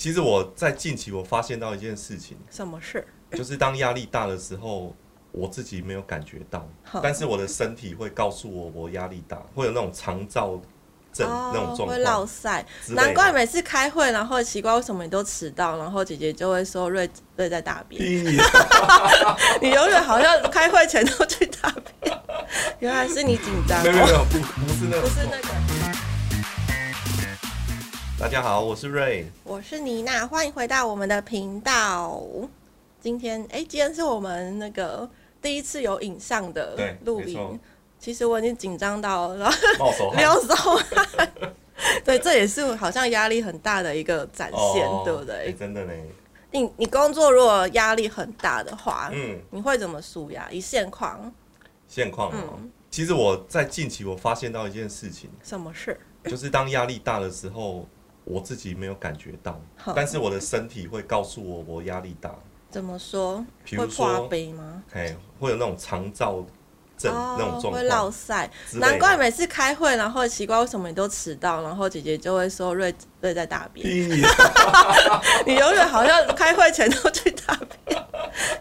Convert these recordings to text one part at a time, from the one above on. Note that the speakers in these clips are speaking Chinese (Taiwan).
其實我在近期我發現到一件事情，什麼事？就是當壓力大的時候，我自己沒有感覺到，好但是我的身體會告訴我，我壓力大，會有那種腸躁症、哦、那種狀況，會落曬，難怪每次開會，然後奇怪為什麼你都遲到，然後姐姐就會說瑞瑞在大便。啊、 你永遠好像開會前都去大便，原來 是你緊張。沒有沒有，不不是那個。不是那個大家好，我是 Ray，我是妮娜，歡迎回到我們的頻道。今天，哎，今天是我們那個第一次有影像的錄影。其實我已經緊張到了，然後冒手汗，對，這也是好像壓力很大的一個展現，oh, 對不對？真的呢。你你工作如果壓力很大的話，嗯，你會怎麼舒壓呀？一線框，線框嗯，其實我在近期我發現到一件事情，什麼事？就是當壓力大的時候。我自己沒有感覺到，但是我的身體會告訴我我壓力大。怎麼說？比如說？會垮背嗎？哎，會有那種腸燥症那種狀況，會落晒。難怪每次開會，然後奇怪為什麼你都遲到，然後姐姐就會說瑞瑞在大便。你永遠好像開會前都去大便，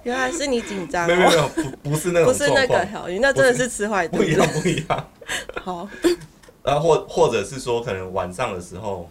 原來是你緊張。沒有沒有，不不是那種，不是那個，好你那真的是吃壞的，不一樣不一樣。好，然後或或者是說，可能晚上的時候。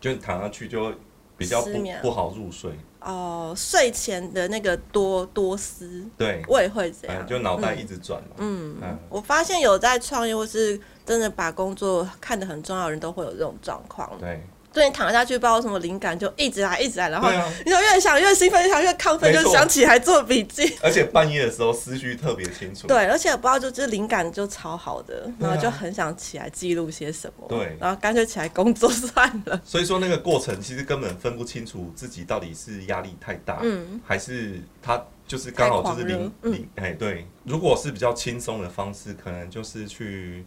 就躺下去就比較不眠不好入睡哦、呃，睡前的那個多多思，對，我也會這樣，嗯、就腦袋一直轉嘛。嗯，嗯我發現有在創業或是真的把工作看得很重要的人都會有這種狀況。對。對你躺下去，不知道什麼靈感就一直來，一直來，然後,然後你就越想越興奮，越想越亢奮，錯就想起來做筆記。而且半夜的時候思緒特別清楚。 對，而且不知道就是靈感就超好的，然後就很想起來記錄些什麼。對、啊，然後乾脆起來工作算了。對 所以說那個過程其實根本分不清楚自己到底是壓力太大，嗯、還是他就是剛好就是靈靈哎對。如果是比較輕鬆的方式，可能就是去。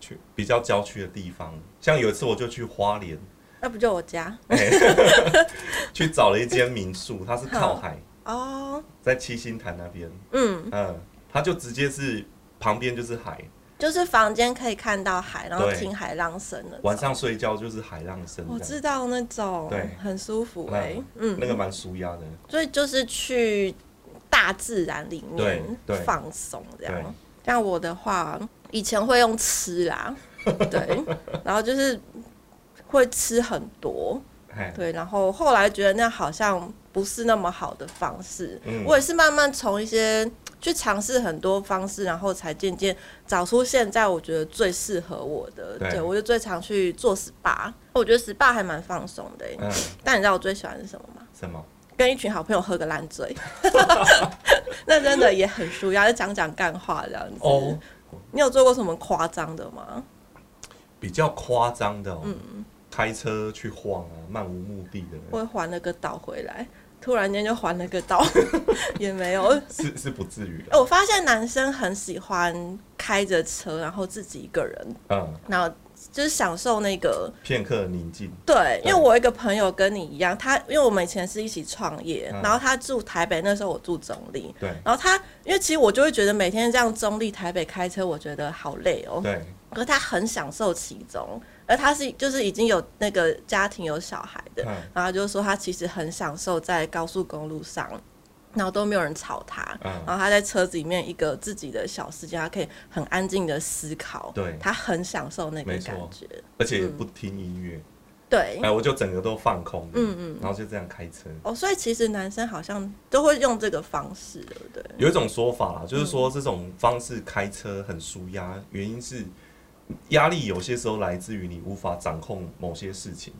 去比較郊區的地方，像有一次我就去花蓮，那不就我家？欸，去找了一間民宿，它是靠海哦，在七星潭那邊。嗯嗯，它就直接是旁邊就是海，就是房間可以看到海，然後聽海浪聲的。晚上睡覺就是海浪聲，我知道那種很舒服哎，嗯，那個蠻紓壓的。所以就是去大自然裡面放鬆，這樣。像我的話。以前會用吃啦，對，然後就是會吃很多， 對，然後後來覺得那好像不是那麼好的方式。嗯、我也是慢慢從一些去嘗試很多方式，然後才漸漸找出現在我覺得最適合我的。對,對，我就最常去做 SPA，我覺得 SPA 還蠻放鬆的。嗯、但你知道我最喜歡是什麼嗎？什麼？跟一群好朋友喝個爛醉， 那真的也很舒壓 就講講乾話這樣子。Oh. 你有做過什麼誇張的嗎？比較誇張的、喔，嗯，開車去晃啊，漫無目的的，會還了個倒回來，突然間就還了個倒， 也沒有，是是不至於的。欸、我發現男生很喜歡開着車，然後自己一個人，嗯，然後。就是享受那個片刻寧靜。對，因為我一個朋友跟你一樣，他因為我們以前是一起創業，然後他住台北，那時候我住中壢。對，然後他因為其實我就會覺得每天這樣中壢台北開車，我覺得好累哦。對。可是他很享受其中，而他是就是已經有那個家庭有小孩的，然後就是說他其實很享受在高速公路上。然後都沒有人吵他，嗯、然後他在車子裡面一個自己的小世界，他可以很安靜的思考，對，他很享受那個感覺，沒錯，嗯、而且也不聽音樂，對，哎，我就整個都放空，嗯嗯，然後就這樣開車。哦，所以其實男生好像都會用這個方式，對不對？有一種說法啦，就是說這種方式開車很紓壓，原因是壓力有些時候來自於你無法掌控某些事情。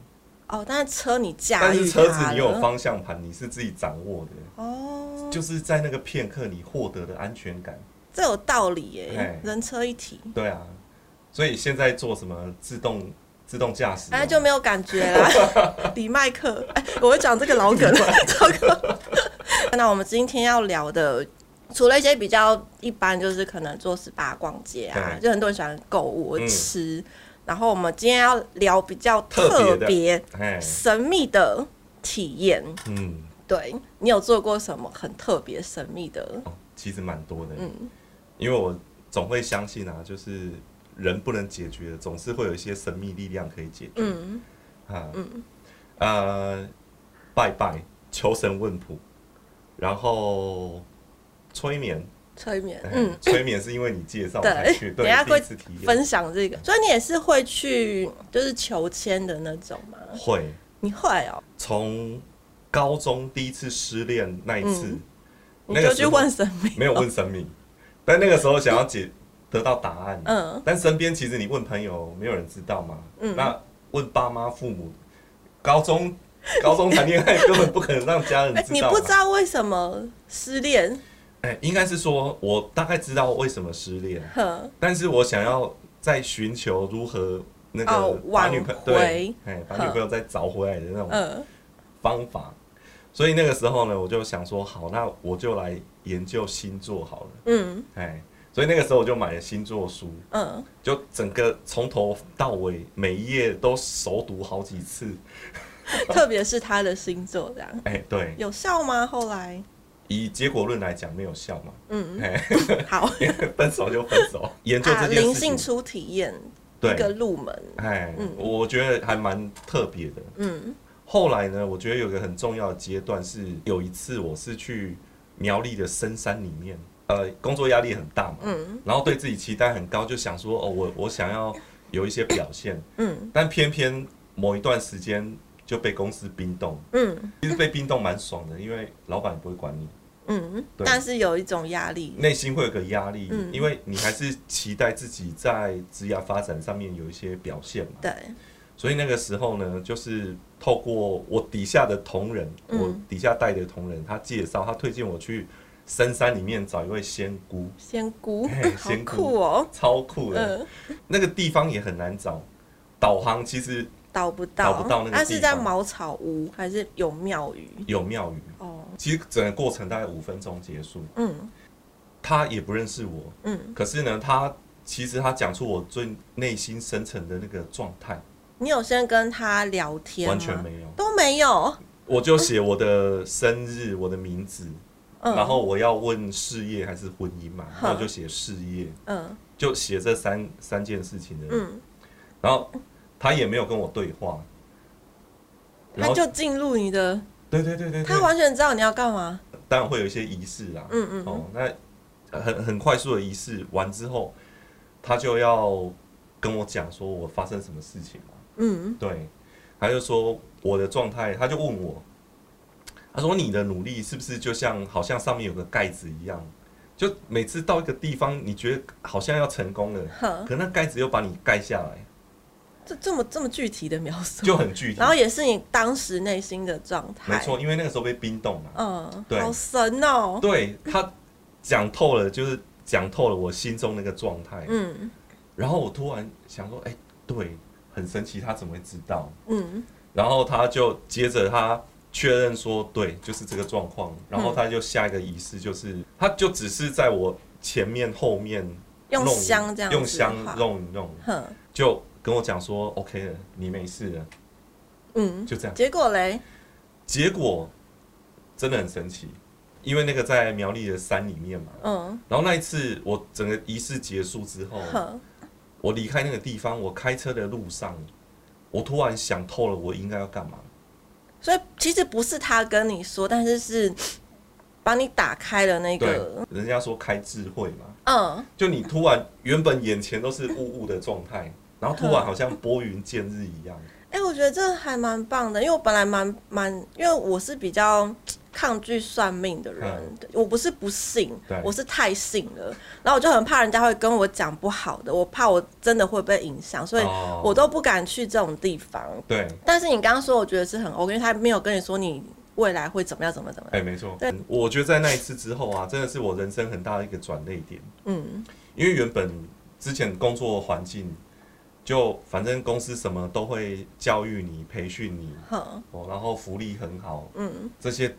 哦，但是車你駕馭車子你有方向盤，你是自己掌握的。哦，就是在那個片刻你獲得的安全感，這有道理耶、欸。嘿人車一體。對啊，所以現在做什麼自動自動駕駛，那就沒有感覺了。 李麥克，哎，我講這個老梗了，老梗。 那我們今天要聊的，除了一些比較一般，就是可能做 SPA 逛街啊，嘿就很多人喜歡購物、嗯、吃。然後我們今天要聊比較特別、神秘的體驗。嗯，對，你有做過什麼很特別、神秘的？哦，其實蠻多的。嗯，因為我總會相信啊，就是人不能解決的，總是會有一些神秘力量可以解決。嗯啊，嗯呃，拜拜，求神問卜，然後催眠。催眠，嗯，催眠是因為你介紹才去？對，等下會分享這個，所以你也是會去，就是求籤的那種嘛？會，你會哦！從高中第一次失戀那一次，你就去問神明？沒有問神明，但那個時候想要解得到答案，嗯，但身邊其實你問朋友，沒有人知道嘛，嗯，那問爸媽、父母，高中，高中談戀愛根本不可能讓家人知道。你不知道為什麼失戀？哎、欸，應該是說，我大概知道為什麼失戀，呵但是我想要在尋求如何那個把女朋友對，哎、欸，呵把女朋友再找回來的那種方法。呃、所以那個時候呢，我就想說，好，那我就來研究星座好了。嗯，哎、欸，所以那個時候我就買了星座書，嗯、呃，就整個從頭到尾每一頁都熟讀好幾次， 特別是他的星座這樣。哎、欸，對，有效嗎？後來？以結果論來講，沒有效嘛。嗯，好，分手就分手。研究這件事情，靈性初體驗，對。一個入門。哎，我覺得還蠻特別的。嗯，後來呢，我覺得有個很重要的階段是，有一次我是去苗栗的深山裡面，呃，工作壓力很大嘛。嗯，然後對自己期待很高，就想說，哦，我我想要有一些表現。嗯，但偏偏某一段時間就被公司冰凍。嗯，其實被冰凍蠻爽的，因為老板不會管你。嗯，但是有一種壓力，內心會有個壓力，因為你還是期待自己在職業發展上面有一些表現嘛。對，所以那個時候呢，就是透過我底下的同仁，我底下帶的同仁，他介紹，他推薦我去深山裡面找一位仙姑。仙姑，仙姑哦，超酷的。那個地方也很難找，導航其實導不到，導不到那個地方。它是在茅草屋還是有廟宇？有廟宇。其實整個過程大概五分鐘結束。嗯，他也不認識我。嗯，可是呢，他其實他講出我最內心深層的那個狀態。你有先跟他聊天？完全沒有，都沒有。我就寫我的生日，我的名字，然後我要問事業還是婚姻嘛，然後就寫事業。嗯，就寫這三三件事情的。嗯，然後他也沒有跟我對話，他就進入你的。對，對對對對，他完全知道你要幹嘛。當然會有一些儀式啦，嗯，嗯嗯，哦，那很很快速的儀式完之後，他就要跟我講說我發生什麼事情嘛，嗯嗯，對，他就說我的狀態，他就問我，他說你的努力是不是就像好像上面有個蓋子一樣，就每次到一個地方，你覺得好像要成功了，呵可那蓋子又把你蓋下來。這這麼這麼具體的描述，就很具體。然後也是你當時內心的狀態，沒錯，因為那個時候被冰凍了。嗯、呃，對好神哦！對，他講透了，就是講透了我心中那個狀態。嗯，然後我突然想說，誒，對，很神奇，他怎麼會知道？嗯，然後他就接着他確認說，對，就是這個狀況。然後他就下一個儀式，就是他就只是在我前面後面弄用香這樣，用香弄弄，哼呵，就。跟我講說 OK 了，你沒事了，嗯，就這樣。結果嘞？結果真的很神奇，因為那個在苗栗的山裡面嘛，嗯。然後那一次我整個儀式結束之後，呵我離開那個地方，我開車的路上，我突然想透了，我應該要幹嘛？所以其實不是他跟你說，但是是幫你打開了那個。人家說開智慧嘛，嗯，就你突然原本眼前都是霧霧的狀態。嗯然後突然好像撥雲見日一樣。哎、嗯，欸、我覺得這還蠻棒的，因為我本來蠻蠻，因為我是比較抗拒算命的人。嗯、我不是不信，對我是太信了。然後我就很怕人家會跟我講不好的，我怕我真的會被影響，所以我都不敢去這種地方。哦、對。但是你剛剛說，我覺得是很 OK，因為他沒有跟你說你未來會怎麼樣，怎麼怎麼樣。哎、欸，沒錯對。我覺得在那一次之後啊，真的是我人生很大的一個轉捩點。嗯。因為原本之前工作環境。就反正公司什麼都會教育你、培訓你，好哦，然後福利很好，嗯，這些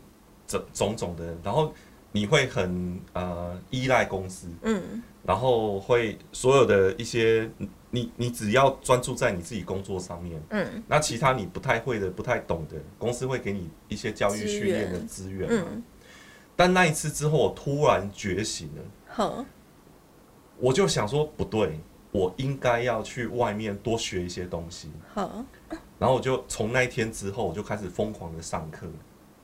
種種的，然後你會很呃依賴公司，嗯，然後會所有的一些你你只要專注在你自己工作上面，嗯，那其他你不太會的、不太懂的，公司會給你一些教育訓練的資源，資源，嗯，但那一次之後，我突然覺醒了，好，我就想說不對。我應該要去外面多學一些東西。好，然後我就從那一天之後，我就開始瘋狂的上課，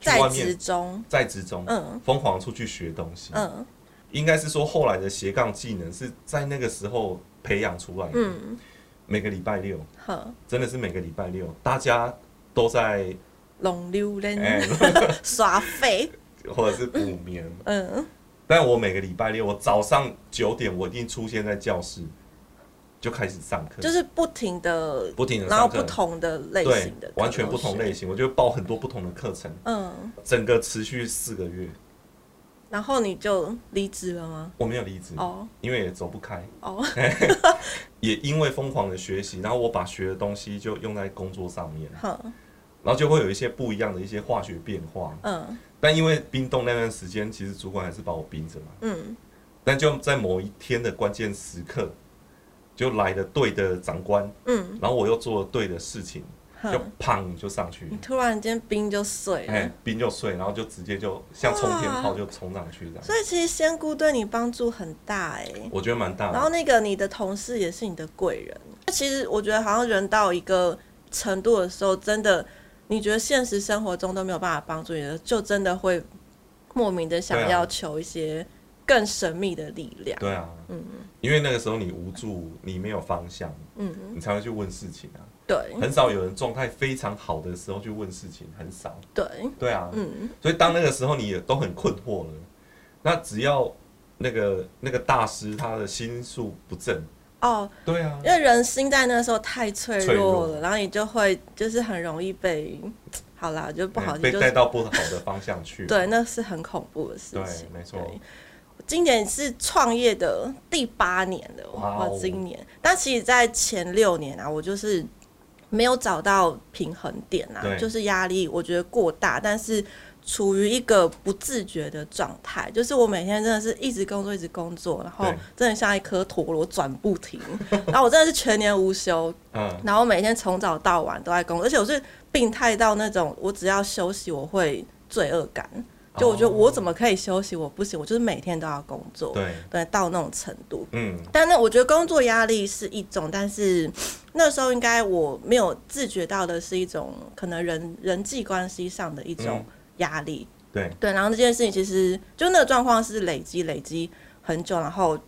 在職中，在職中，嗯，瘋狂出去學東西，嗯，應該是說後來的斜槓技能是在那個時候培養出來的。嗯、每個禮拜六，好，真的是每個禮拜六，大家都在龍溜人耍廢，或者是補眠、嗯。嗯，但我每個禮拜六，我早上九點，我一定出現在教室。就開始上課，就是不停的不停的，然後不同的類型的，完全不同類型。我就報很多不同的課程，嗯，整個持續四個月。然後你就離職了嗎？我沒有離職哦，因為也走不開哦，也因為瘋狂的學習，然後我把學的東西就用在工作上面，嗯，然後就會有一些不一樣的一些化學變化，嗯，但因為冰凍那段時間，其實主管還是把我冰着嘛，嗯，但就在某一天的關鍵時刻。就來了對的長官，嗯，然後我又做了對的事情，就砰就上去，你突然間冰就碎了，哎、欸，冰就碎，然後就直接就像衝天炮就衝上去這樣。所以其實仙姑對你幫助很大哎、欸，我覺得蠻大的。然後那個你的同事也是你的貴人，其實我覺得好像人到一個程度的時候，真的你覺得現實生活中都沒有辦法幫助你的，就真的會莫名的想要求一些更神秘的力量。對啊，對啊，嗯。因為那個時候你無助，你沒有方向，嗯，你才會去問事情啊。對，很少有人狀態非常好的時候去問事情，很少。對，對啊，嗯。所以當那個時候你也都很困惑了，那只要那個那個大師他的心術不正，哦，對啊，因為人心在那個時候太脆弱了，弱然後你就會就是很容易被，好啦，就不好、嗯、被帶到不好的方向去。 對，那是很恐怖的事情。對，沒錯。今年是創業的第八年了哇！Wow 今年，但其實，在前六年啊，我就是沒有找到平衡點啊，對就是壓力我覺得過大，但是處於一個不自覺的狀態，就是我每天真的是一直工作，一直工作，然後真的像一顆陀螺轉不停，對然後我真的是全年無休， 然後每天從早到晚都在工作，而且我是病態到那種，我只要休息我會罪惡感。就我覺得我怎麼可以休息？我不行，我就是每天都要工作。對，對，到那種程度。嗯，但那我覺得工作壓力是一種，但是那時候應該我沒有自覺到的是一種可能人人際關係上的一種壓力，嗯。對，對。然後這件事情其實就那個狀況是累積累積很久，然後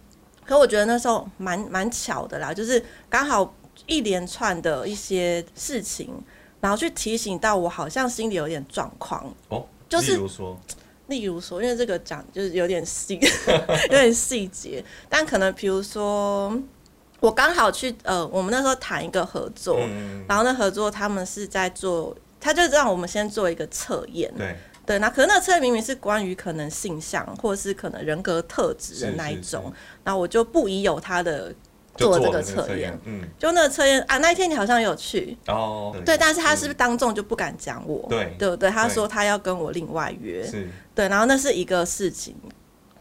可我覺得那時候蠻蠻巧的啦，就是剛好一連串的一些事情，然後去提醒到我，好像心裡有點狀況。哦。就是，例如，例如說，因為這個講就是有點細， 有點細節，但可能，比如說，我剛好去呃，我們那時候談一個合作，嗯，然後那合作他們是在做，他就讓我們先做一個測驗，對對，對可那可能那測驗明明是關於可能性向或是可能人格特質的那一種，那我就不宜有他的。做這個測驗、那個，嗯，就那個測驗啊，那一天你好像有去哦？對，對，但是他是不是當眾就不敢講我？對，對不對？他說他要跟我另外約，對，然後那是一個事情，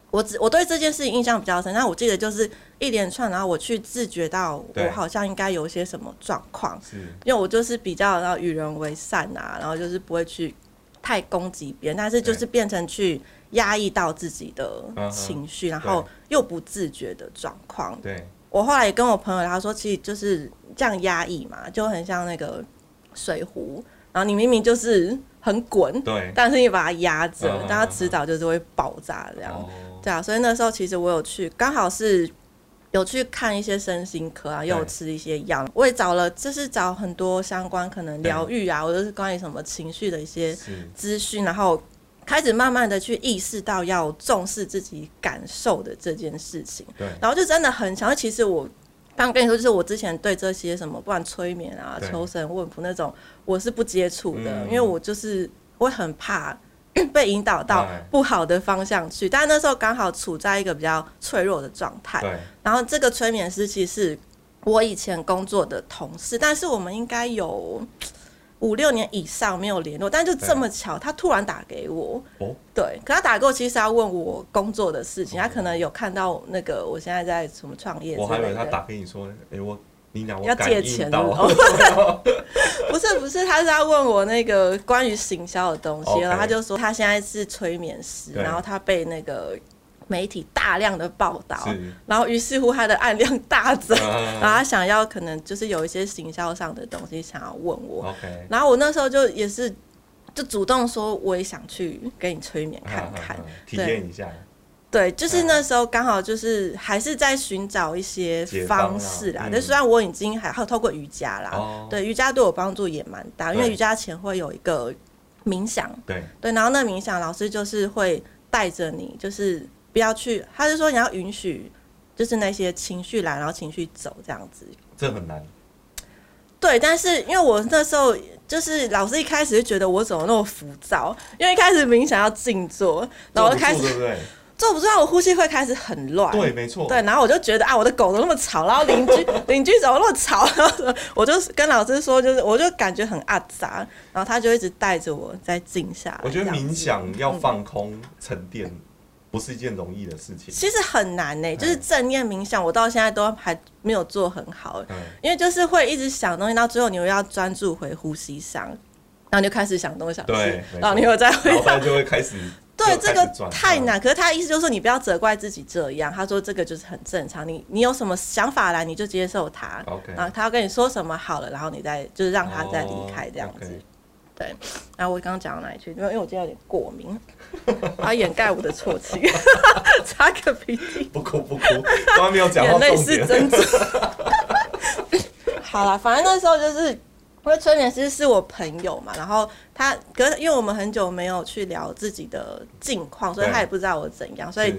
我只我對這件事情印象比較深。但我記得就是一連串，然後我去自覺到我好像應該有些什麼狀況，是對，因為我就是比較要與人為善啊，然後就是不會去太攻擊別人，但是就是變成去壓抑到自己的情緒，對然後又不自覺的狀況，對。對我後來也跟我朋友他說，其實就是這樣壓抑嘛，就很像那個水壺，然後你明明就是很滾，對，但是你把它壓着，uh huh. 但它遲早就是會爆炸這樣，uh huh. 對啊。所以那時候其實我有去，剛好是有去看一些身心科啊，又吃一些藥，對我也找了，就是找很多相關可能療癒啊，對或者是關於什麼情緒的一些資訊，是然後。開始慢慢的去意識到要重視自己感受的這件事情，對，然後就真的很想。其實我剛,剛跟你說，就是我之前對這些什麼，不管催眠啊、對求神問卜那種，我是不接觸的，嗯嗯因為我就是我很怕被引導到不好的方向去。對但那時候剛好處在一個比較脆弱的狀態，對然後這個催眠師其實是我以前工作的同事，但是我們應該有。五六年以上沒有聯絡，但就這麼巧，啊、他突然打給我。哦、對，可他打過其實是要問我工作的事情。哦、他可能有看到那個，我現在在什麼創業。我還以為他打給你說，哎、欸，我你要借錢、哦、不是， 不是，不是，他是要問我那個關於行銷的東西了。然後他就說他現在是催眠師，對然後他被那個。媒體大量的報道，是然後於是乎他的案量大增，uh, 然後他想要可能就是有一些行銷上的東西想要問我，Okay. 然後我那時候就也是就主動說我也想去給你催眠看看，體驗一下，對，就是那時候剛好就是還是在尋找一些方式啦，但、啊嗯、雖然我已經還透過瑜伽啦，oh. 對瑜伽對我幫助也蠻大，因為瑜伽前會有一個冥想，對對，然後那冥想老師就是會帶着你就是。不要去，他就說你要允許，就是那些情緒來，然後情緒走，這樣子。這很難。對，但是因為我那時候就是老師一開始就覺得我怎麼那麼浮躁，因為一開始冥想要靜坐，然後我開始坐不住，坐不住我呼吸會開始很亂。對，沒錯。對，然後我就覺得啊，我的狗都那麼吵，然後鄰居鄰 居怎麼那麼吵，然後我就跟老師說，就是我就感覺很阿雜，然後他就一直帶着我在靜下來。我覺得冥想要放空、嗯、沉澱。不是一件容易的事情，其實很難呢、欸。嗯、就是正念冥想，我到現在都還沒有做很好、欸。嗯，因為就是會一直想東西，到最後你又要專注回呼吸上，然後就開始想東想西，對然後你又再回上，就會開始對開始這個太難。嗯、可是他的意思就是說，你不要責怪自己這樣，他說這個就是很正常。你你有什麼想法來，你就接受他 Okay. 然後他要跟你說什麼好了，然後你再就是讓他再離開這樣子。Oh, okay. 對，然後我剛剛講到哪裡去？因為因為我今天有點過敏。來 掩蓋我的錯氣，擦 個鼻涕，不哭不哭，完全沒有講 好重點。眼淚是珍珠。好了，反正那時候就是，因為催眠師是我朋友嘛，然後他可是因為我們很久沒有去聊自己的近況，所以他也不知道我怎樣。對所以，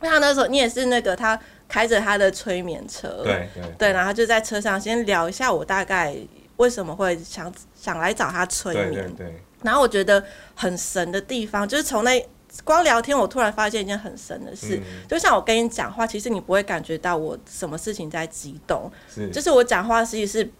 那他是那時候你也是那個他開着他的催眠車，對對，對，對，然後就在車上先聊一下我大概為什麼會想想來找他催眠。對對對然後我覺得很神的地方，就是從那光聊天，我突然發現一件很神的事。嗯、就像我跟你講話，其實你不會感覺到我什麼事情在激動。是。就是我講話，其實是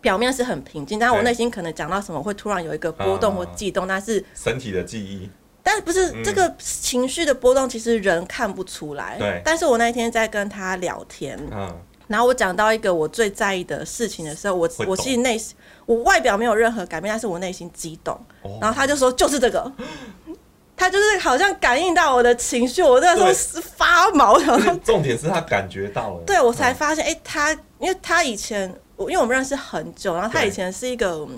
表面是很平靜，對但我內心可能講到什麼，會突然有一個波動或悸動。那、啊、是身體的記憶。但不是，嗯、這個情緒的波動，其實人看不出來。對。但是我那天在跟他聊天。啊然後我講到一個我最在意的事情的時候，我懂我心裡內，我外表沒有任何改變，但是我內心激動。Oh. 然後他就說就是這個， 他就是好像感應到我的情緒，我那個時候是發毛，的對 重點是他感覺到了，對我才發現，哎、嗯欸，他因為他以前，因為我們認識很久，然後他以前是一個，對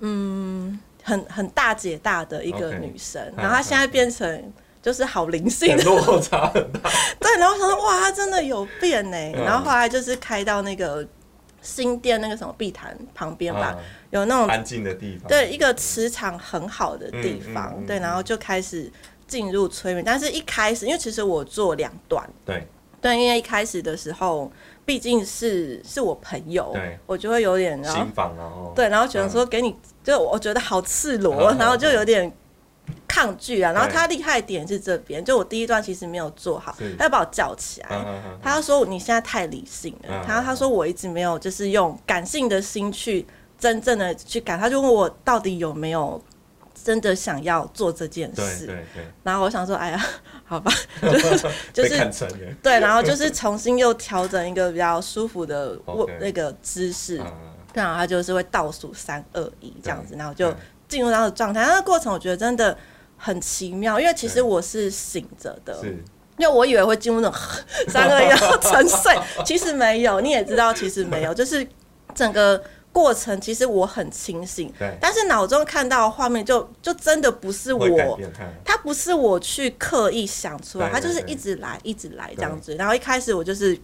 嗯，很很大姐大的一個女生，Okay. 然後他現在變成。Okay. 嗯就是好靈性，落差很大。對，然後想說，哇，他真的有變呢。然後後來就是開到那個新店那個什麼碧潭旁邊吧，有那種安靜的地方，對，一個磁場很好的地方。對，然後就開始進入催眠。但是一開始，因為其實我做兩段，對，對，因為一開始的時候畢竟是是我朋友，對我就會有點心防。對，然後覺得說給你，就我覺得好赤裸，然後就有點。抗拒啊，然後他厲害點是這邊，就我第一段其實沒有做好，他就把我叫起來，他說，你現在太理性了，然後他說我一直沒有就是用感性的心去真正的去感，他就問我到底有沒有真的想要做這件事，然後我想說，哎呀，好吧，就是就是對，然後就是重新又調整一個比較舒服的我那個姿勢，然後他就是會倒數三二一這樣子，然後就。進入那個狀態，那個過程我覺得真的很奇妙，因為其實我是醒着的，因為我以為會進入那種三個月沉睡， 其實沒有，你也知道，其實沒有， 就是整個過程其實我很清醒，對但是腦中看到畫面就就真的不是我，他不是我去刻意想出來，他就是一直來一直來這樣子，對然後一開始我就是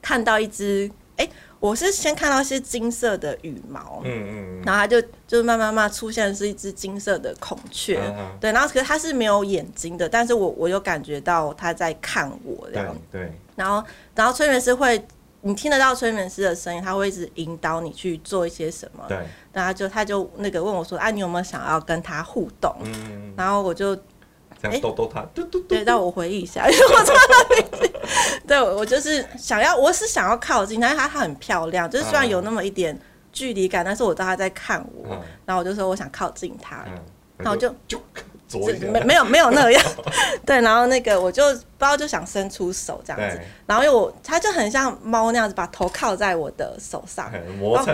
看到一隻。欸，我是先看到一些金色的羽毛，嗯嗯，嗯然後他就就是慢慢慢慢出現的是一隻金色的孔雀，嗯嗯，對，然後可是他是沒有眼睛的，但是我我就感覺到他在看我，這樣對，對然後然後催眠師會，你聽得到催眠師的聲音，他會一直引導你去做一些什麼，對，然後他就他就那個問我說，哎，啊，你有沒有想要跟他互動？嗯，然後我就。哎，逗逗它，對，讓我回憶一下，因為我怎麼了？對，我就是想要，我是想要靠近但它，它很漂亮，就是雖然有那麼一點距離感，但是我知道它在看我，然後我就說我想靠近它，然後就就沒沒有沒有那樣，對，然後那個我就不知道就想伸出手這樣子，然後因為我它就很像貓那樣子，把頭靠在我的手上，磨蹭，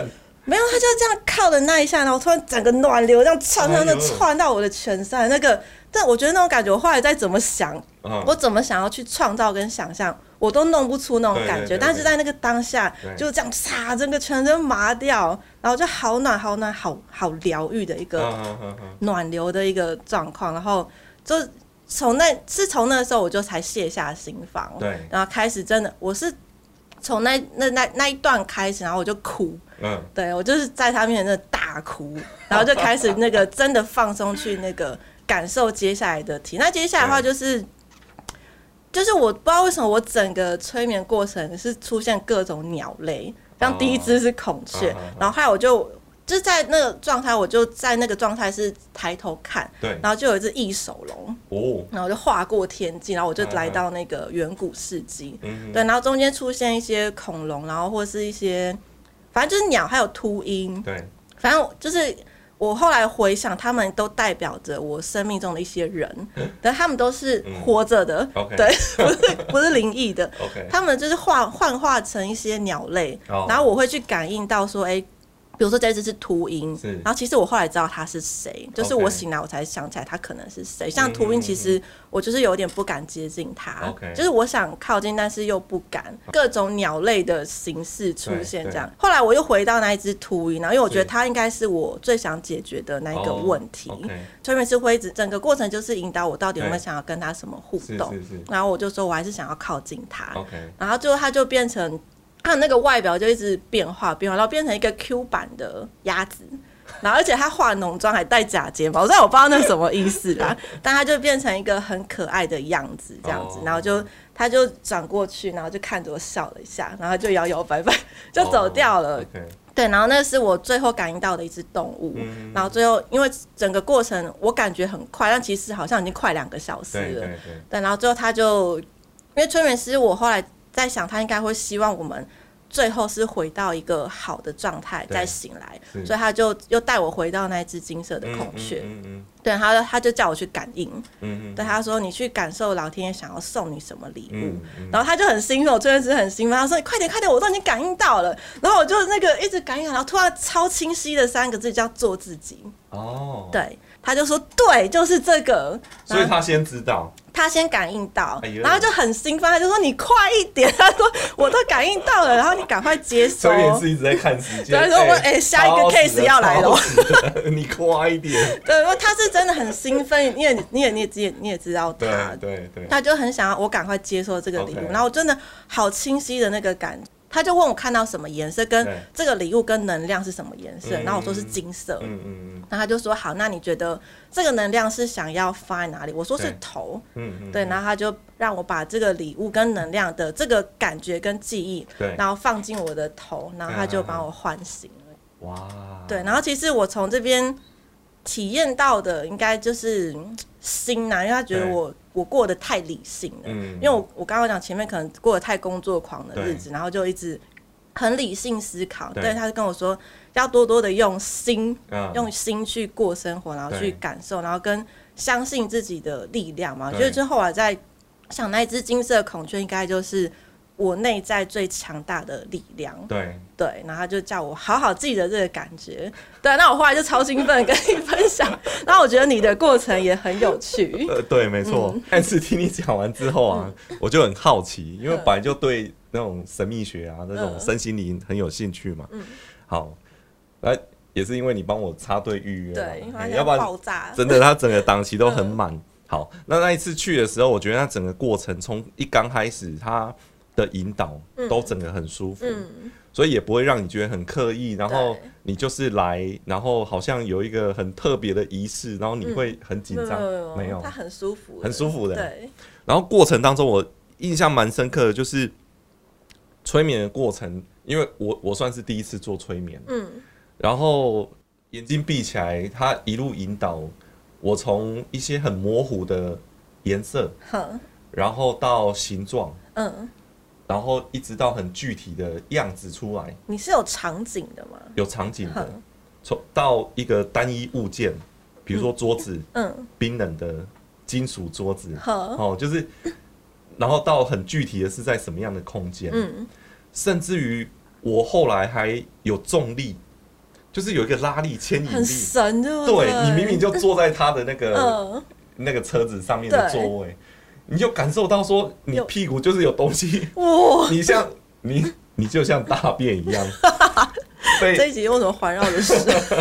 沒有，他就這樣靠的那一下，然後突然整個暖流這樣竄，然後竄到我的全身，那個。但我覺得那種感覺，我後來再怎麼想，uh huh. 我怎麼想要去創造跟想象，我都弄不出那種感覺。對對對對，但是在那個當下，對對對對就這樣，啊，整個全身麻掉，然後就好暖、好暖、好好療癒的一個、uh huh. 暖流的一個狀況。然後就從那，是從那時候我就才卸下心防，對，然後開始真的，我是從那、那、那那一段開始，然後我就哭，嗯、uh，huh. 對我就是在他面前那大哭，然後就開始那個真的放鬆去那個。 感受接下來的題，那接下來的話就是，嗯、就是我不知道為什麼我整個催眠過程是出現各種鳥類，啊哦、像第一只是孔雀，啊哈啊哈然後還有我就就在那個狀態，我就在那個狀態是抬頭看，對然後就有一只翼手龍，哦、然後就劃過天際，然後我就來到那個遠古世紀，啊啊，嗯，對，然後中間出現一些恐龍，然後或是一些，反正就是鳥還有禿鷹，對，反正就是。我後來回想，他們都代表着我生命中的一些人， 但他們都是活着的，嗯、對，Okay. 不是不是靈異的， Okay. 他們就是幻幻化成一些鳥類，oh. 然後我會去感應到說，哎、欸。比如說這隻是禿鷹，是然後其實我後來知道他是誰，就是我醒來我才想起來他可能是誰。Okay. 像禿鷹，其實我就是有點不敢接近他，Okay. 就是我想靠近，但是又不敢。各種鳥類的形式出現這樣，後來我又回到那一隻禿鷹，然後因為我覺得他應該是我最想解決的那一個問題。oh, okay. 催眠師會一直，整個過程就是引導我到底有沒有想要跟他什麼互動，是是是，然後我就說我還是想要靠近他，Okay. 然後最後他就變成。它那個外表就一直變化變化，然後變成一個 Q 版的鴨子，然後而且他化濃妝還戴假睫毛，雖然我不知道那是什麼意思啦， 但他就變成一個很可愛的樣子，這樣子，oh. 然後就他就轉過去，然後就看着我笑了一下，然後就搖搖擺擺就走掉了，oh. Okay. 對，然後那是我最後感應到的一只動物，mm hmm. 然後最後因為整個過程我感覺很快，但其實好像已經快兩個小時了，對，對，對，對，然後最後他就因為催眠師，我後來。在想他應該會希望我們最後是回到一個好的狀態再醒來，所以他就又帶我回到那只金色的孔雀，嗯嗯嗯嗯、對，他他就叫我去感應，嗯嗯嗯、對他說，你去感受老天爺想要送你什麼禮物，嗯嗯、然後他就很興奮，我真的是很興奮，他說你快點快點，我都已經感應到了，然後我就那個一直感應，然後突然超清晰的三個字叫做自己，哦，對。他就說：“對，就是這個。”所以他先知道，他先感應到，然後就很興奮，他就說：“你快一點！”哎呦哎呦，他說：“我都感應到了， 然後你趕快接收。”所以是一直在看時間，他 說我：“哎、欸，下一個 case 要來了。你快一點！” 對，因為他是真的很興奮，你也你也你也你也知道他，對對對，他就很想要我趕快接受這個禮物，Okay. 然後真的好清晰的那個感覺。他就問我看到什麼顏色，跟這個禮物跟能量是什麼顏色，然後我說是金色。嗯嗯嗯。那他就說好，那你覺得這個能量是想要放在哪裡？我說是頭。嗯嗯。對，然後他就讓我把這個禮物跟能量的這個感覺跟記憶，對，然後放進我的頭，然後他就把我喚醒。哇。對，然後其實我從這邊體驗到的，應該就是。心吶、啊，因為他覺得我對我過得太理性了，嗯、因為我我剛剛講前面可能過得太工作狂的日子，對然後就一直很理性思考，對，對，他就跟我說要多多的用心，嗯、用心去過生活，然後去感受，對然後跟相信自己的力量嘛。對就之後啊，在想那一隻金色孔雀，應該就是。我內在最強大的力量，對對，然後就叫我好好記得這個感覺，對，那我後來就超興奮跟你分享。那我覺得你的過程也很有趣，呃，對，沒錯。但是聽你講完之後啊，我就很好奇，因為本來就對那種神秘學啊，那種身心靈很有興趣嘛。好，來，也是因為你幫我插隊預約，對，要不然爆炸，真的，他整個檔期都很滿。好，那那一次去的時候，我覺得他整個過程從一剛開始他。的引導都整個很舒服，嗯嗯、所以也不會讓你覺得很刻意。然後你就是來，然後好像有一個很特別的儀式，然後你會很緊張，嗯、有有有，沒有，他很舒服，很舒服的。服的對。然後過程當中，我印象蠻深刻的，就是催眠的過程，因為我我算是第一次做催眠，嗯。然後眼睛閉起來，他一路引導我從一些很模糊的顏色，嗯、然後到形狀，嗯。然後一直到很具體的樣子出來。你是有場景的嗎？有場景的，嗯、從到一個單一物件，比如說桌子，嗯，冰冷的金屬桌子，嗯、哦，就是，嗯、然後到很具體的是在什麼樣的空間，嗯，甚至於我後來還有重力，就是有一個拉力牽引力，很神。對，對，對，你明明就坐在他的那個、嗯、那個車子上面的座位。嗯你就感受到說，你屁股就是有東西，哇！你像你，你就像大便一樣。對，這一集用什麼環繞的是？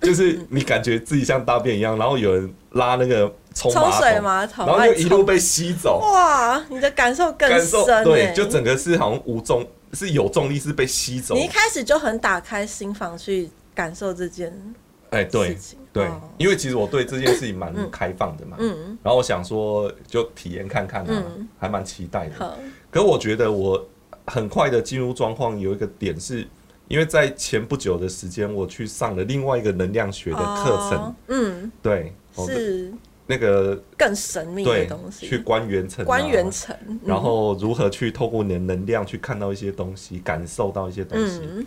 就是你感覺自己像大便一樣，然後有人拉那個沖馬桶，然後就一路被吸走。哇，你的感受更深，對，就整個是好像無重力，是有重力是被吸走。你一開始就很打開心房去感受這件。哎、欸，對，哦、對，因為其實我對這件事情蠻開放的嘛，嗯嗯、然後我想說就體驗看看嘛、啊，嗯、還蠻期待的。嗯、可我覺得我很快的進入狀況，有一個點是，因為在前不久的時間，我去上了另外一個能量學的課程，哦、嗯，對，是那個更神秘的東西，去觀元辰，觀元辰，嗯、然後如何去透過你的能量去看到一些東西，感受到一些東西。嗯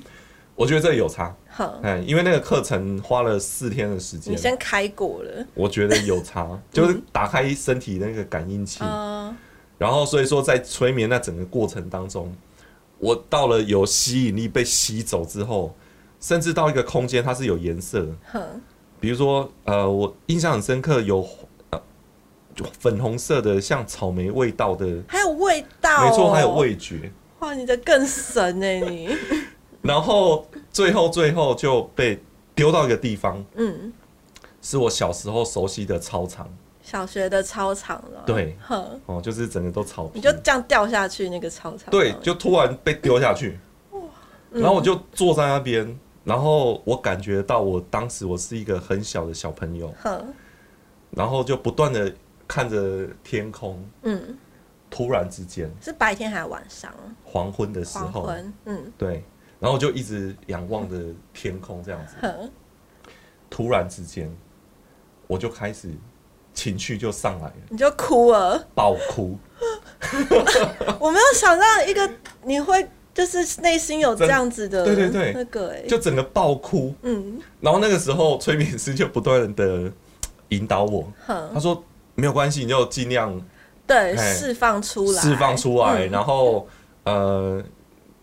我覺得這有差，嗯、因為那個課程花了四天的時間，我先開過了。我覺得有差，就是打開身體那個感應器，嗯、然後所以說在催眠那整個過程當中，我到了有吸引力被吸走之後，甚至到一個空間它是有顏色，嗯、比如說呃，我印象很深刻有、呃、有粉紅色的，像草莓味道的，還有味道、哦，沒錯，還有味覺。哇，你這更神，哎、欸、你。 然後最後最後就被丟到一個地方，嗯，是我小時候熟悉的操場，小學的操場了，對，呵哦，就是整個都草皮，你就這樣掉下去那個操場，對，就突然被丟下去，哇、嗯！然後我就坐在那邊，然後我感覺到我當時我是一個很小的小朋友，呵然後就不斷的看着天空，嗯，突然之間是白天還是晚上？黃昏的時候，黃昏，嗯，對。然後我就一直仰望着天空，這樣子。嗯、突然之間，我就開始情緒就上來了。你就哭了，爆哭！ 我沒有想到一個你會就是內心有這樣子的、欸，對對對，那個就整個爆哭。嗯。然後那個時候催眠師就不斷的引導我，嗯、他說沒有關係，你就儘量對嘿釋放出來，嗯、釋放出來，然後呃，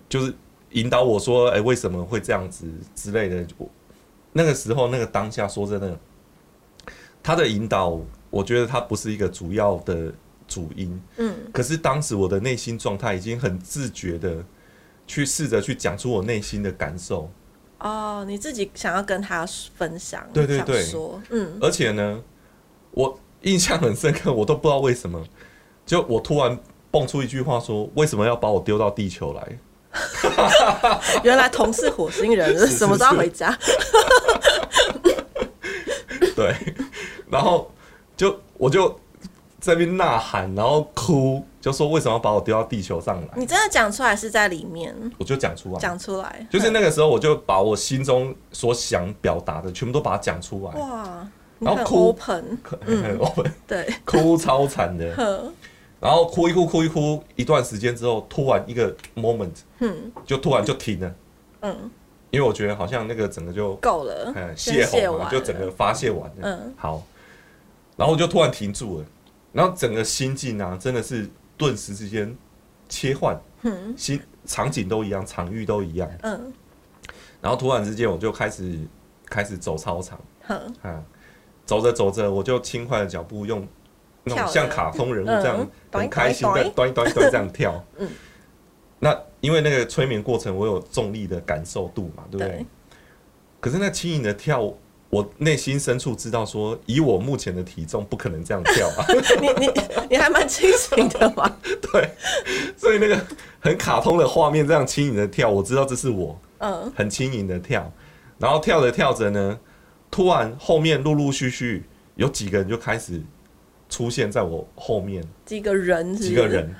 就是。引導我說：“哎、欸，為什麼會這樣子之類的？”我那個時候、那個當下，說真的，他的引導，我覺得他不是一個主要的主因。嗯。可是當時我的內心狀態已經很自覺的去試着去講出我內心的感受。哦，你自己想要跟他分享？對對對，嗯。而且呢，我印象很深刻，我都不知道為什麼，就我突然蹦出一句話說：“為什麼要把我丟到地球來？” 原來同是火星人，是是是什麼時候回家什麼都要回家？是 對，然後就我就在那邊吶喊，然後哭，就說為什麼把我丟到地球上來？你真的講出來是在裡面？我就講出來，講出來，就是那個時候，我就把我心中所想表達的全部都把它講出來。哇，然後哭很 open，對，哭超慘的。然後哭一哭，哭一哭，一段時間之後，突然一個 moment，就突然就停了。因為我覺得好像那個整個就夠了，嗯，洩洪了，就整個發洩完了。好，然後我就突然停住了，然後整個心境啊，真的是頓時之間切換，新場景都一樣，場域都一樣。然後突然之間我就開始開始走操場，嗯，走着走着我就輕快的腳步，用。那種像卡通人物這樣很開心的，端一端端這樣跳。嗯，那因為那個催眠過程，我有重力的感受度嘛，對不對？可是那輕盈的跳，我內心深處知道說，以我目前的體重，不可能這樣跳。你你你還蠻清醒的嘛？對，所以那個很卡通的畫面，這樣輕盈的跳，我知道這是我，嗯，很輕盈的跳。然後跳着跳着呢，突然後面陸陸續續有幾個人就開始。出現在我後面幾個人，幾個人，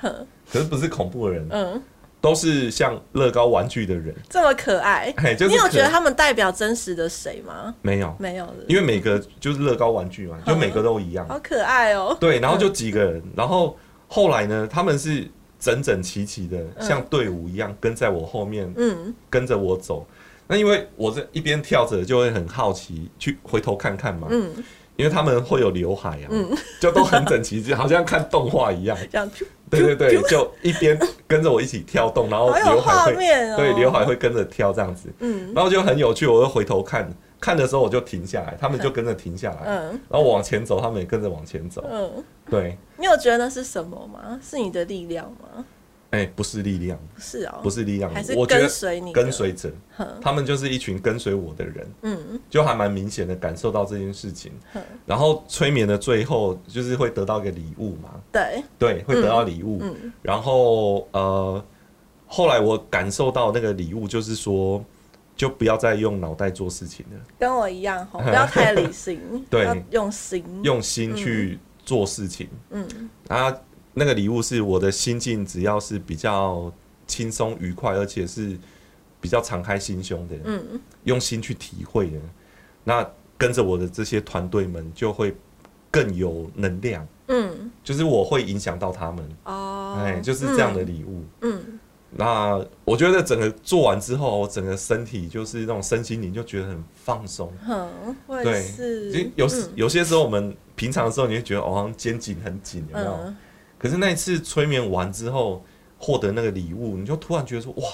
可是不是恐怖的人，嗯，都是像樂高玩具的人，這麼可愛，你有覺得他們代表真實的誰嗎？沒有，沒有，因為每個就是樂高玩具嘛，就每個都一樣，好可愛哦。對，然後就幾個人，然後後來呢，他們是整整齊齊的，像隊伍一樣跟在我後面，嗯，跟着我走。那因為我這一邊跳着，就會很好奇去回頭看看嘛，嗯。因為他們會有劉海呀，就都很整齊，就好像看動畫一樣。這樣對對對，就一邊跟着我一起跳動，然後劉海會對劉海會跟着跳這樣子。嗯，然後就很有趣，我會回頭看看的時候我就停下來，他們就跟着停下來。嗯，然後往前走，他們也跟着往前走。嗯，對。你有覺得那是什麼嗎？是你的力量嗎？哎，不是力量，是啊，不是力量，還是我覺得跟隨你跟隨者，他們就是一群跟隨我的人，嗯，就還蠻明顯的感受到這件事情。然後催眠的最後就是會得到一個禮物嘛，對，對，會得到禮物。然後呃，後來我感受到那個禮物就是說，就不要再用腦袋做事情了，跟我一樣吼，不要太理性，對，用心用心去做事情，嗯，啊。那個禮物是我的心境，只要是比較輕鬆愉快，而且是比較敞開心胸的，用心去體會的。那跟着我的這些團隊們，就會更有能量。嗯，就是我會影響到他們。哦，哎，就是這樣的禮物。嗯，那我覺得整個做完之後，我整個身體就是那種身心靈就覺得很放鬆。嗯，對。有有些時候我們平常的時候，你會覺得好像肩頸很緊，有沒有？可是那一次催眠完之後，獲得那個禮物，你就突然覺得說：“哇，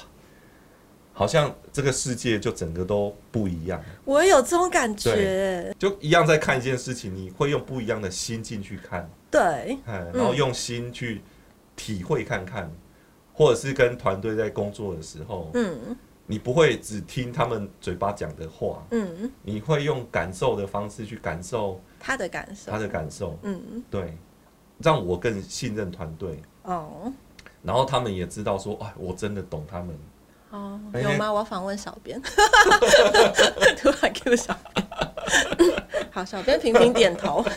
好像這個世界就整個都不一樣。”我有這種感覺。就一樣在看一件事情，你會用不一樣的心境去看。對。嗯。然後用心去體會看看，或者是跟團隊在工作的時候，嗯，你不會只聽他們嘴巴講的話，嗯，你會用感受的方式去感受他的感受，他的感受，嗯，對。讓我更信任團隊哦，oh. 然後他們也知道說，哎，我真的懂他們哦，oh, 欸、有嗎？我要訪問小編， 突然 cue 小編， 好，小編頻頻點頭。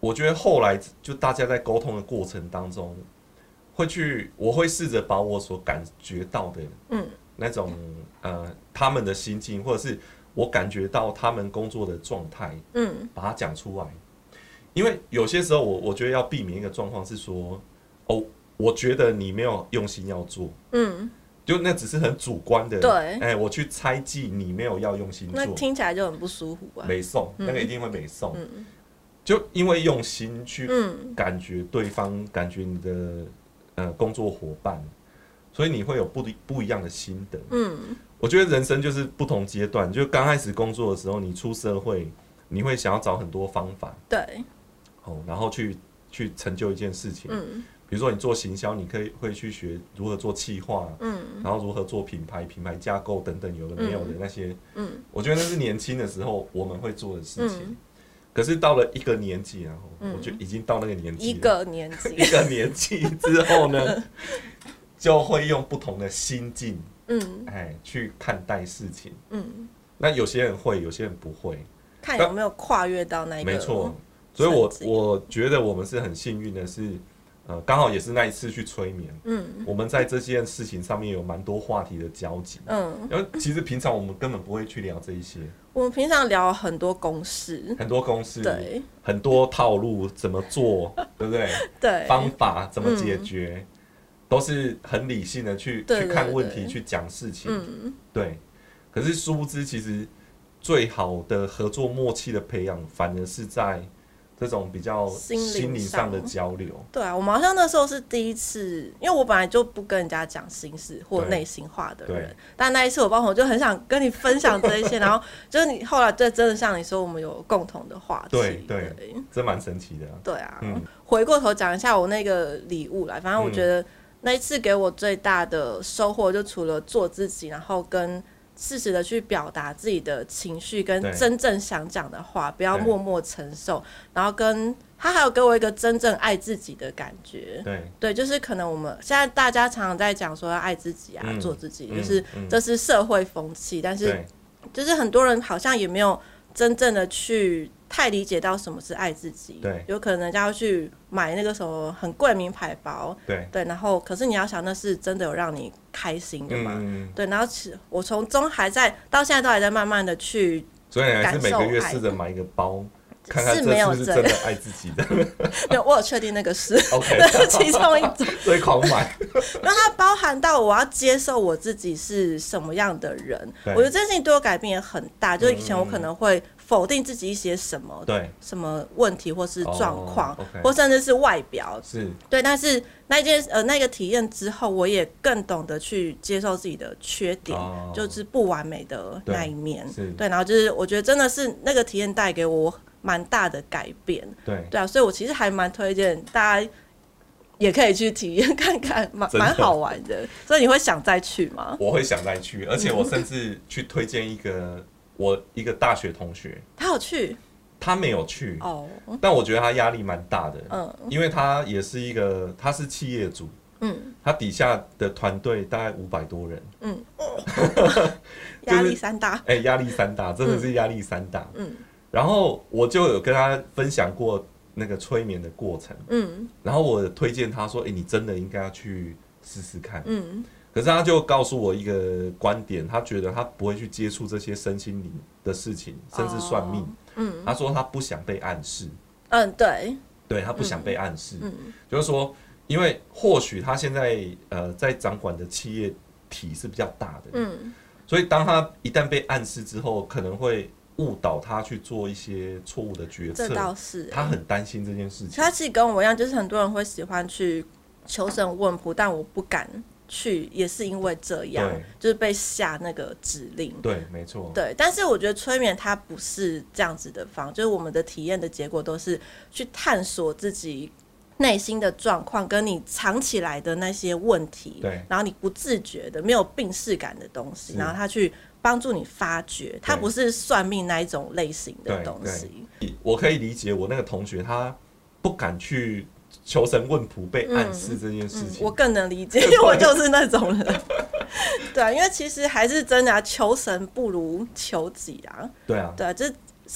我覺得後來就大家在溝通的過程當中，會去，我會試着把我所感覺到的，嗯，那種呃，他們的心情，或者是我感覺到他們工作的狀態，嗯，把它講出來。因為有些時候，我我覺得要避免一個狀況是說，哦，我覺得你沒有用心要做，嗯，就那只是很主觀的，對，哎、欸，我去猜忌你沒有要用心做，那聽起來就很不舒服啊，沒送，那個一定會沒送，嗯、就因為用心去，嗯，感覺對方，嗯、感覺你的呃工作夥伴，所以你會有不不一樣的心得，嗯，我覺得人生就是不同階段，就剛開始工作的時候，你出社會，你會想要找很多方法，對。哦，然後去去成就一件事情，比如說你做行銷，你可以會去學如何做企劃，嗯，然後如何做品牌、品牌架構等等，有的沒有的那些，嗯，我覺得那是年輕的時候我們會做的事情，可是到了一個年紀，然後我就已經到那個年紀，一個年紀一個年紀之後呢，就會用不同的心境，嗯，哎，去看待事情，嗯，那有些人會，有些人不會，看有沒有跨越到那一個，沒錯。所以，我我覺得我們是很幸運的，是呃，剛好也是那一次去催眠，嗯，我們在這件事情上面有蠻多話題的交集，嗯，因為其實平常我們根本不會去聊這一些，我們平常聊很多公式，很多公式，對，很多套路怎麼做，對不對？對，方法怎麼解決，都是很理性的去去看問題，去講事情，對。可是殊不知，其實最好的合作默契的培養，反而是在。這種比較心理上的交流，對啊，我們好像那時候是第一次，因為我本來就不跟人家講心事或內心話的人，對對，但那一次我幫我，我就很想跟你分享這一些， 然後就是你後來就真的像你說，我們有共同的話題，對對，真蠻對神奇的，啊，對啊。嗯、回過頭講一下我那個禮物來，反正我覺得那一次給我最大的收穫，就除了做自己，然後跟。適時的去表達自己的情緒跟真正想講的話，對不要默默承受。對然後跟他還有給我一個真正愛自己的感覺。對，對，就是可能我們現在大家常常在講說要愛自己啊，嗯、做自己，就是這是社會風氣，嗯、但是對就是很多人好像也沒有。真正的去太理解到什麼是愛自己，對，有可能人家要去買那個什麼很貴名牌包，對，對，然後可是你要想那是真的有讓你開心的嗎？嗯，對，然後我從中還在到現在都還在慢慢的去感受，所以還是每個月試着買一個包。是沒有真的愛自己的，對，我有確定那個是，那是其中一種。所以狂買，那它包含到我要接受我自己是什麼樣的人。我覺得這件事情對我改變也很大，就是以前我可能會否定自己一些什麼對，什麼問題或是狀況，或甚至是外表是對。但是那件呃、那個體驗之後，我也更懂得去接受自己的缺點，就是不完美的那一面。對，然後就是我覺得真的是那個體驗帶給我。蠻大的改變，對對啊，所以我其實還蠻推薦大家也可以去體驗看看，蠻蠻好玩的。所以你會想再去嗎？我會想再去，而且我甚至去推薦一個我一個大學同學，他有去，他沒有去哦。但我覺得他壓力蠻大的，嗯，因為他也是一個他是企業主，嗯，他底下的團隊大概五百多人，嗯，壓力山大，哎，壓力山大，真的是壓力山大，嗯。然後我就有跟他分享過那個催眠的過程，嗯，然後我推薦他說：“誒，你真的應該要去試試看。”嗯，可是他就告訴我一個觀點，他覺得他不會去接觸這些身心靈的事情，甚至算命。哦、嗯，他說他不想被暗示。嗯，對，對他不想被暗示，嗯、就是說，因為或許他現在呃在掌管的企業體是比較大的，嗯，所以當他一旦被暗示之後，可能會。誤導他去做一些錯誤的決策，這倒是、欸。他很擔心這件事情。他自己跟我一樣，就是很多人會喜歡去求神問卜，但我不敢去，也是因為這樣，對就是被下那個指令。對，沒錯。對，但是我覺得催眠它不是這樣子的方，就是我們的體驗的結果都是去探索自己。內心的狀況跟你藏起來的那些問題，對，然後你不自覺的沒有病視感的東西，是然後他去幫助你發掘，他對不是算命那一種類型的東西。我可以理解，我那個同學他不敢去求神問卜、被暗示這件事情，嗯嗯、我更能理解，對因為我就是那種人。 對啊，因為其實還是真的、啊、求神不如求己啊。對啊，對啊，這。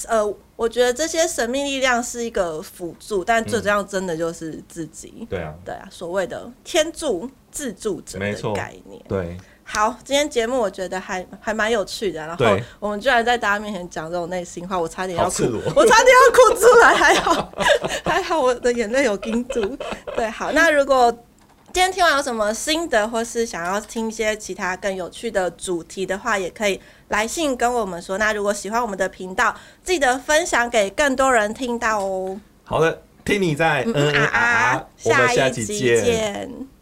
呃，我覺得這些神秘力量是一個輔助，但最重要真的就是自己。嗯、對啊，對啊，所謂的天助自助者的，沒錯，概念。對，好，今天節目我覺得還還蠻有趣的，然後我們居然在大家面前講這種內心話，我差點要哭，我，我差點要哭出來，還好 還好，我的眼淚有盯住。對，好，那如果今天聽完有什麼心得，或是想要聽一些其他更有趣的主題的話，也可以。來信跟我們說，那如果喜歡我們的頻道，記得分享給更多人聽到哦、喔。好的，聽你在 NNRR，我們下一集見。